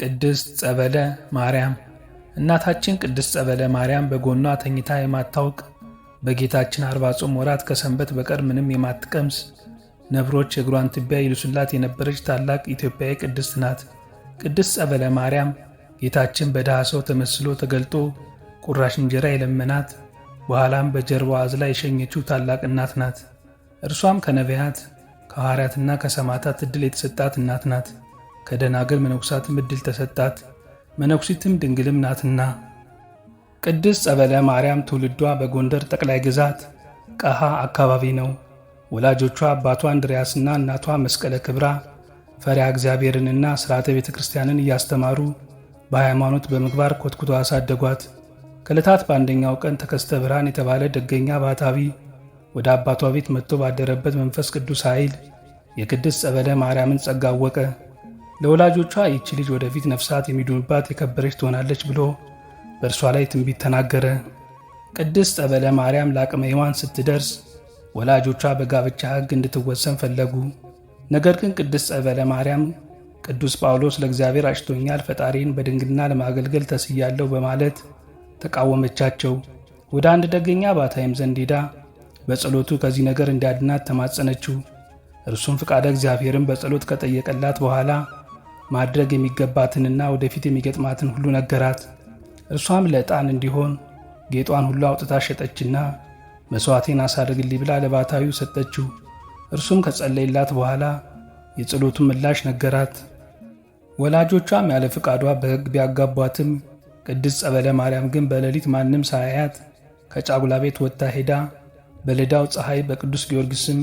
ቅድስት ጸበለ ማርያም እናታችን ቅድስት ጸበለ ማርያም በጎኗ ተኝታ የማታውቅ በጌታችን አርባ ጾም ወራት ከሰንበት በቀር ምንም የማትቀምስ ነብሮች የእግሯን ትቢያ ይልሱላት የነበረች ታላቅ ኢትዮጵያዊ ቅድስት ናት። ቅድስት ጸበለ ማርያም ጌታችን በድሃ ሰው ተመስሎ ተገልጦ ቁራሽ እንጀራ የለመናት በኋላም በጀርባዋ አዝላ የሸኘችው ታላቅ እናት ናት። እርሷም ከነቢያት ከሐዋርያትና ከሰማዕታት ዕድል የተሰጣት እናት ናት። ከደናግል መነኩሳትም ዕድል ተሰጣት፣ መነኩሲትም ድንግልም ናትና። ቅድስት ጸበለ ማርያም ትውልዷ በጎንደር ጠቅላይ ግዛት ቀሃ አካባቢ ነው። ወላጆቿ አባቷ እንድርያስና እናቷ መስቀለ ክብራ ፈሪያ እግዚአብሔርንና ሥርዓተ ቤተ ክርስቲያንን እያስተማሩ በሃይማኖት በምግባር ኮትኩቶ አሳደጓት። ከዕለታት በአንደኛው ቀን ተከስተ ብርሃን የተባለ ደገኛ ባህታዊ ወደ አባቷ ቤት መጥቶ ባደረበት መንፈስ ቅዱስ ኃይል የቅድስት ጸበለ ማርያምን ጸጋ አወቀ። ለወላጆቿ ይቺ ልጅ ወደፊት ነፍሳት የሚድኑባት የከበረች ትሆናለች ብሎ በእርሷ ላይ ትንቢት ተናገረ። ቅድስት ጸበለ ማርያም ለአቅመ ሔዋን ስትደርስ ወላጆቿ በጋብቻ ሕግ እንድትወሰን ፈለጉ። ነገር ግን ቅድስት ጸበለ ማርያም ቅዱስ ጳውሎስ ለእግዚአብሔር አጭቶኛል፣ ፈጣሪን በድንግልና ለማገልገል ተስያለሁ በማለት ተቃወመቻቸው። ወደ አንድ ደገኛ ባታይም ዘንድ ሄዳ በጸሎቱ ከዚህ ነገር እንዲያድናት ተማጸነችው። እርሱም ፍቃደ እግዚአብሔርን በጸሎት ከጠየቀላት በኋላ ማድረግ የሚገባትንና ወደፊት የሚገጥማትን ሁሉ ነገራት። እርሷም ለዕጣን እንዲሆን ጌጧን ሁሉ አውጥታ ሸጠችና መሥዋዕቴን አሳርግልኝ ብላ ለባታዊው ሰጠችው። እርሱም ከጸለይላት በኋላ የጸሎቱን ምላሽ ነገራት። ወላጆቿም ያለ ፍቃዷ በሕግ ቢያጋቧትም ቅድስት ጸበለ ማርያም ግን በሌሊት ማንም ሳያያት ከጫጉላ ቤት ወጥታ ሄዳ በልዳው ፀሐይ በቅዱስ ጊዮርጊስም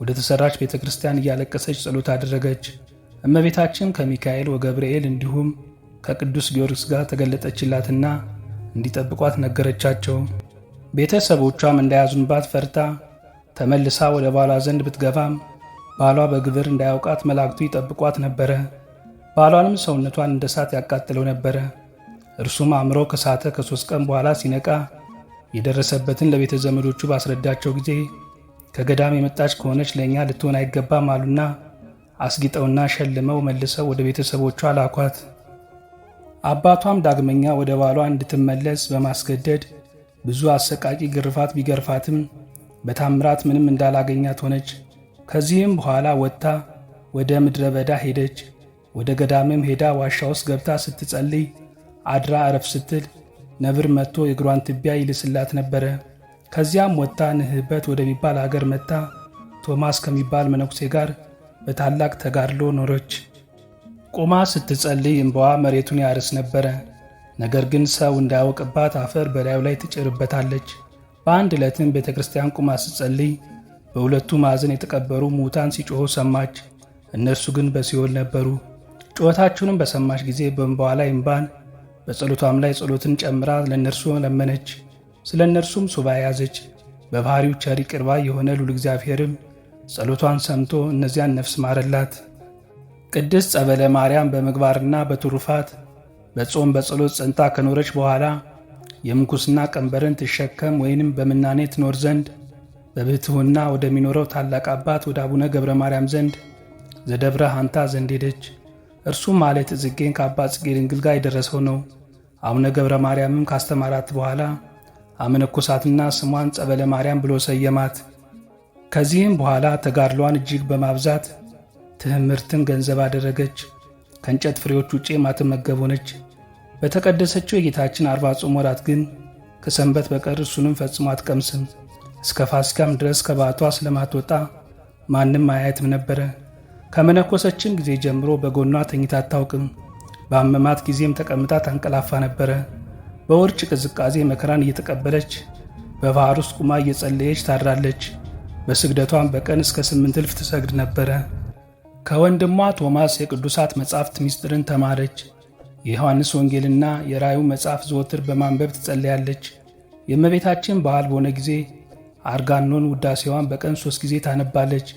ወደ ተሠራች ቤተ ክርስቲያን እያለቀሰች ጸሎት አደረገች። እመቤታችን ከሚካኤል ወገብርኤል እንዲሁም ከቅዱስ ጊዮርጊስ ጋር ተገለጠችላትና እንዲጠብቋት ነገረቻቸው። ቤተሰቦቿም እንዳያዙንባት ፈርታ ተመልሳ ወደ ባሏ ዘንድ ብትገባም ባሏ በግብር እንዳያውቃት መላእክቱ ይጠብቋት ነበረ። ባሏንም ሰውነቷን እንደ እሳት ያቃጥለው ነበረ። እርሱም አእምሮ ከሳተ ከሦስት ቀን በኋላ ሲነቃ የደረሰበትን ለቤተ ዘመዶቹ ባስረዳቸው ጊዜ ከገዳም የመጣች ከሆነች ለእኛ ልትሆን አይገባም አሉና አስጊጠውና ሸልመው መልሰው ወደ ቤተሰቦቿ ላኳት። አባቷም ዳግመኛ ወደ ባሏ እንድትመለስ በማስገደድ ብዙ አሰቃቂ ግርፋት ቢገርፋትም በታምራት ምንም እንዳላገኛት ሆነች። ከዚህም በኋላ ወጥታ ወደ ምድረ በዳ ሄደች። ወደ ገዳምም ሄዳ ዋሻ ውስጥ ገብታ ስትጸልይ አድራ አረፍ ስትል ነብር መጥቶ የእግሯን ትቢያ ይልስላት ነበረ። ከዚያም ወጥታ ንህበት ወደሚባል አገር መጥታ ቶማስ ከሚባል መነኩሴ ጋር በታላቅ ተጋድሎ ኖረች። ቆማ ስትጸልይ እንባዋ መሬቱን ያርስ ነበረ። ነገር ግን ሰው እንዳያውቅባት አፈር በላዩ ላይ ትጭርበታለች። በአንድ ዕለትም ቤተ ክርስቲያን ቁማ ስትጸልይ በሁለቱ ማዕዘን የተቀበሩ ሙታን ሲጮሆ ሰማች። እነርሱ ግን በሲኦል ነበሩ። ጩኸታችሁንም በሰማች ጊዜ በእንባዋ ላይ እምባን በጸሎቷም ላይ ጸሎትን ጨምራ ለእነርሱ ለመነች። ስለ እነርሱም ሱባ ያዘች። በባህሪው ቸሪ ቅርባ የሆነ ሉል እግዚአብሔርም ጸሎቷን ሰምቶ እነዚያን ነፍስ ማረላት። ቅድስት ጸበለ ማርያም በምግባርና በትሩፋት በጾም በጸሎት ጸንታ ከኖረች በኋላ የምንኩስና ቀንበርን ትሸከም ወይንም በምናኔ ትኖር ዘንድ በብሕትውና ወደሚኖረው ታላቅ አባት ወደ አቡነ ገብረ ማርያም ዘንድ ዘደብረ ሐንታ ዘንድ ሄደች። እርሱም ማለት ጽጌን ከአባ ጽጌ ድንግል ጋር የደረሰው ነው። አቡነ ገብረ ማርያምም ካስተማራት በኋላ አመነኮሳትና ስሟን ጸበለ ማርያም ብሎ ሰየማት። ከዚህም በኋላ ተጋድሏን እጅግ በማብዛት ትህምርትን ገንዘብ አደረገች። ከእንጨት ፍሬዎች ውጪ የማትመገብ ሆነች። በተቀደሰችው የጌታችን አርባ ጾም ወራት ግን ከሰንበት በቀር እሱንም ፈጽሞ አትቀምስም። እስከ ፋሲካም ድረስ ከባቷ ስለማትወጣ ማንም አያየትም ነበረ። ከመነኮሰችም ጊዜ ጀምሮ በጎኗ ተኝታ አታውቅም። በአመማት ጊዜም ተቀምጣ ታንቀላፋ ነበረ። በውርጭ ቅዝቃዜ መከራን እየተቀበለች በባህር ውስጥ ቁማ እየጸለየች ታድራለች። በስግደቷም በቀን እስከ ስምንት እልፍ ትሰግድ ነበረ። ከወንድሟ ቶማስ የቅዱሳት መጻሕፍት ምስጢርን ተማረች። የዮሐንስ ወንጌልና የራዩ መጽሐፍ ዘወትር በማንበብ ትጸለያለች። የእመቤታችን በዓል በሆነ ጊዜ አርጋኖን ውዳሴዋን በቀን ሦስት ጊዜ ታነባለች።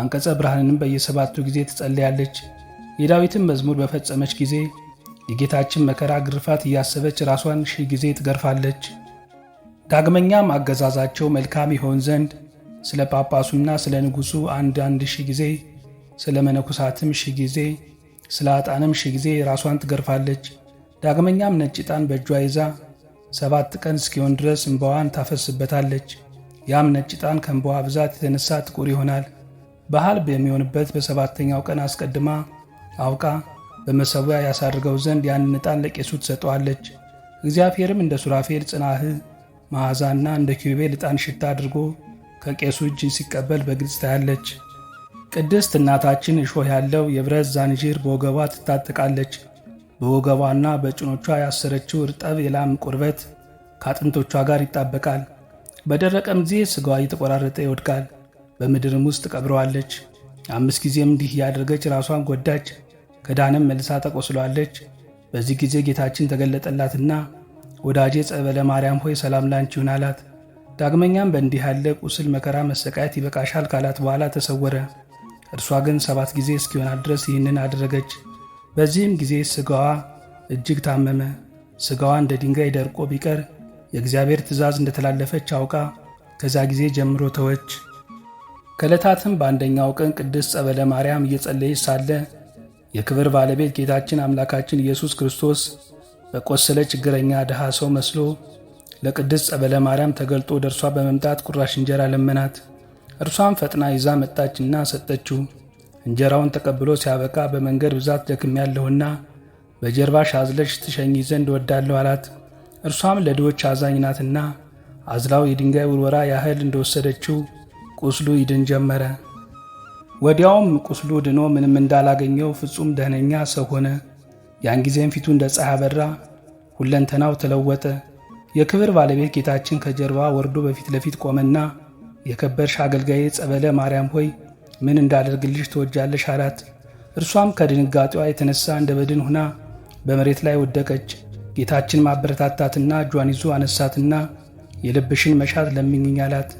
አንቀጸ ብርሃንንም በየሰባቱ ጊዜ ትጸለያለች። የዳዊትን መዝሙር በፈጸመች ጊዜ የጌታችን መከራ ግርፋት እያሰበች ራሷን ሺህ ጊዜ ትገርፋለች። ዳግመኛም አገዛዛቸው መልካም ይሆን ዘንድ ስለ ጳጳሱና ስለ ንጉሡ አንድ አንድ ጊዜ ስለ መነኮሳትም ሺ ጊዜ ስለ አጣንም ሺ ጊዜ ራሷን ትገርፋለች። ዳግመኛም ነጭ ዕጣን በእጇ ይዛ ሰባት ቀን እስኪሆን ድረስ እንባዋን ታፈስበታለች። ያም ነጭ ዕጣን ከእንባዋ ብዛት የተነሳ ጥቁር ይሆናል። ባህል በሚሆንበት በሰባተኛው ቀን አስቀድማ አውቃ በመሰዊያ ያሳድርገው ዘንድ ያንን ዕጣን ለቄሱ ትሰጠዋለች። እግዚአብሔርም እንደ ሱራፌል ጽናህ መዓዛና እንደ ኪሩቤል ዕጣን ሽታ አድርጎ ከቄሱ እጅ ሲቀበል በግልጽ ታያለች። ቅድስት እናታችን እሾህ ያለው የብረት ዛንዥር በወገቧ ትታጠቃለች። በወገቧና በጭኖቿ ያሰረችው እርጠብ የላም ቁርበት ከአጥንቶቿ ጋር ይጣበቃል። በደረቀም ጊዜ ሥጋዋ እየተቆራረጠ ይወድቃል። በምድርም ውስጥ ቀብረዋለች። አምስት ጊዜም እንዲህ እያደረገች ራሷን ጎዳች። ከዳንም መልሳ ተቆስሏለች። በዚህ ጊዜ ጌታችን ተገለጠላትና ወዳጄ ጸበለ ማርያም ሆይ ሰላም ላንቺ ይሁን አላት። ዳግመኛም በእንዲህ ያለ ቁስል መከራ መሰቃየት ይበቃሻል ካላት በኋላ ተሰወረ። እርሷ ግን ሰባት ጊዜ እስኪሆናት ድረስ ይህንን አደረገች። በዚህም ጊዜ ሥጋዋ እጅግ ታመመ። ሥጋዋ እንደ ድንጋይ ደርቆ ቢቀር የእግዚአብሔር ትእዛዝ እንደተላለፈች አውቃ ከዛ ጊዜ ጀምሮ ተወች። ከዕለታትም በአንደኛው ቀን ቅድስት ጸበለ ማርያም እየጸለየች ሳለ የክብር ባለቤት ጌታችን አምላካችን ኢየሱስ ክርስቶስ በቆሰለ ችግረኛ ድሃ ሰው መስሎ ለቅድስት ጸበለ ማርያም ተገልጦ ደርሷ በመምጣት ቁራሽ እንጀራ ለመናት። እርሷም ፈጥና ይዛ መጣችና ሰጠችው። እንጀራውን ተቀብሎ ሲያበቃ በመንገድ ብዛት ደክሜያለሁና በጀርባሽ አዝለሽ ትሸኝ ዘንድ ወዳለሁ አላት። እርሷም ለድሆች አዛኝ ናትና አዝላው የድንጋይ ውርወራ ያህል እንደወሰደችው ቁስሉ ይድን ጀመረ። ወዲያውም ቁስሉ ድኖ ምንም እንዳላገኘው ፍጹም ደህነኛ ሰው ሆነ። ያን ጊዜም ፊቱ እንደ ፀሐይ አበራ፣ ሁለንተናው ተለወጠ። የክብር ባለቤት ጌታችን ከጀርባ ወርዶ በፊት ለፊት ቆመና የከበርሽ አገልጋይ ጸበለ ማርያም ሆይ ምን እንዳደርግልሽ ትወጃለሽ አላት። እርሷም ከድንጋጤዋ የተነሳ እንደ በድን ሁና በመሬት ላይ ወደቀች። ጌታችን ማበረታታትና እጇን ይዞ አነሳትና የልብሽን መሻት ለምኝኝ አላት።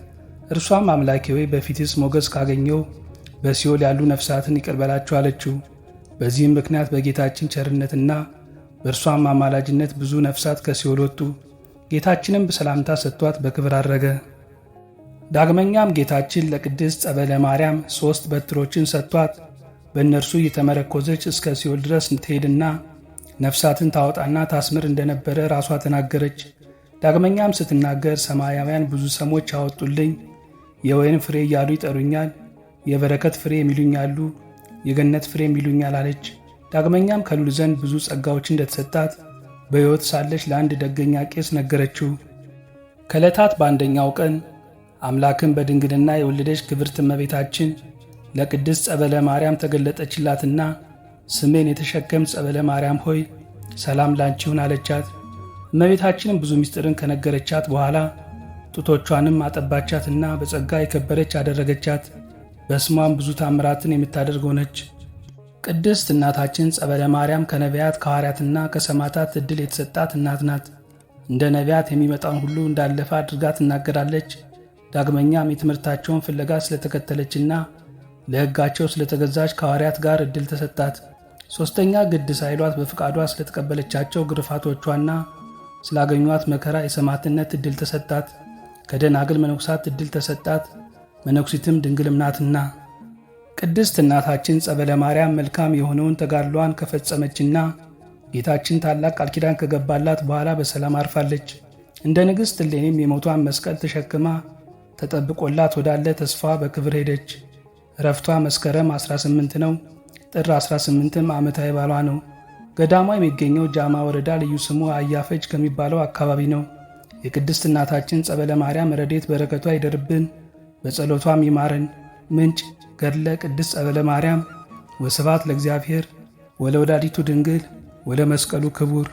እርሷም አምላኬ ሆይ በፊትስ ሞገስ ካገኘው በሲኦል ያሉ ነፍሳትን ይቅር አለችው። በዚህም ምክንያት በጌታችን ቸርነትና በእርሷም አማላጅነት ብዙ ነፍሳት ከሲኦል ወጡ። ጌታችንም በሰላምታ ሰጥቷት በክብር አድረገ። ዳግመኛም ጌታችን ለቅድስት ጸበለ ማርያም ሦስት በትሮችን ሰጥቷት በእነርሱ እየተመረኮዘች እስከ ሲኦል ድረስ ትሄድና ነፍሳትን ታወጣና ታስምር እንደነበረ ራሷ ተናገረች። ዳግመኛም ስትናገር ሰማያውያን ብዙ ሰሞች አወጡልኝ፣ የወይን ፍሬ እያሉ ይጠሩኛል፣ የበረከት ፍሬ የሚሉኛሉ፣ የገነት ፍሬ የሚሉኛል አለች። ዳግመኛም ከሉል ዘንድ ብዙ ጸጋዎች እንደተሰጣት በሕይወት ሳለች ለአንድ ደገኛ ቄስ ነገረችው። ከዕለታት በአንደኛው ቀን አምላክን በድንግልና የወለደች ክብርት እመቤታችን ለቅድስት ጸበለ ማርያም ተገለጠችላትና ስሜን የተሸከም ጸበለ ማርያም ሆይ ሰላም ላንቺሁን አለቻት። እመቤታችንም ብዙ ምስጢርን ከነገረቻት በኋላ ጡቶቿንም አጠባቻትና በጸጋ የከበረች አደረገቻት። በስሟም ብዙ ታምራትን የምታደርግ ሆነች። ቅድስት እናታችን ጸበለ ማርያም ከነቢያት ከሐዋርያትና ከሰማዕታት ዕድል የተሰጣት እናት ናት። እንደ ነቢያት የሚመጣውን ሁሉ እንዳለፈ አድርጋ ትናገራለች። ዳግመኛም የትምህርታቸውን ፍለጋ ስለተከተለችና ለሕጋቸው ስለተገዛች ከሐዋርያት ጋር ዕድል ተሰጣት። ሦስተኛ ግድ ሳይሏት በፍቃዷ ስለተቀበለቻቸው ግርፋቶቿና ስላገኟት መከራ የሰማዕትነት ዕድል ተሰጣት። ከደናግል መነኩሳት ዕድል ተሰጣት። መነኩሲትም ድንግልም ናትና ቅድስት እናታችን ጸበለ ማርያም መልካም የሆነውን ተጋድሏን ከፈጸመችና ጌታችን ታላቅ ቃል ኪዳን ከገባላት በኋላ በሰላም አርፋለች። እንደ ንግሥት እሌኒም የሞቷን መስቀል ተሸክማ ተጠብቆላት ወዳለ ተስፋ በክብር ሄደች። ረፍቷ መስከረም 18 ነው። ጥር 18ም ዓመታዊ ባሏ ነው። ገዳሟ የሚገኘው ጃማ ወረዳ ልዩ ስሙ አያፈጅ ከሚባለው አካባቢ ነው። የቅድስት እናታችን ጸበለ ማርያም ረዴት በረከቷ ይደርብን፣ በጸሎቷም ይማረን። ምንጭ ገድለ ቅድስት ጸበለ ማርያም። ወስብሐት ለእግዚአብሔር ወለወላዲቱ ድንግል ወለመስቀሉ ክቡር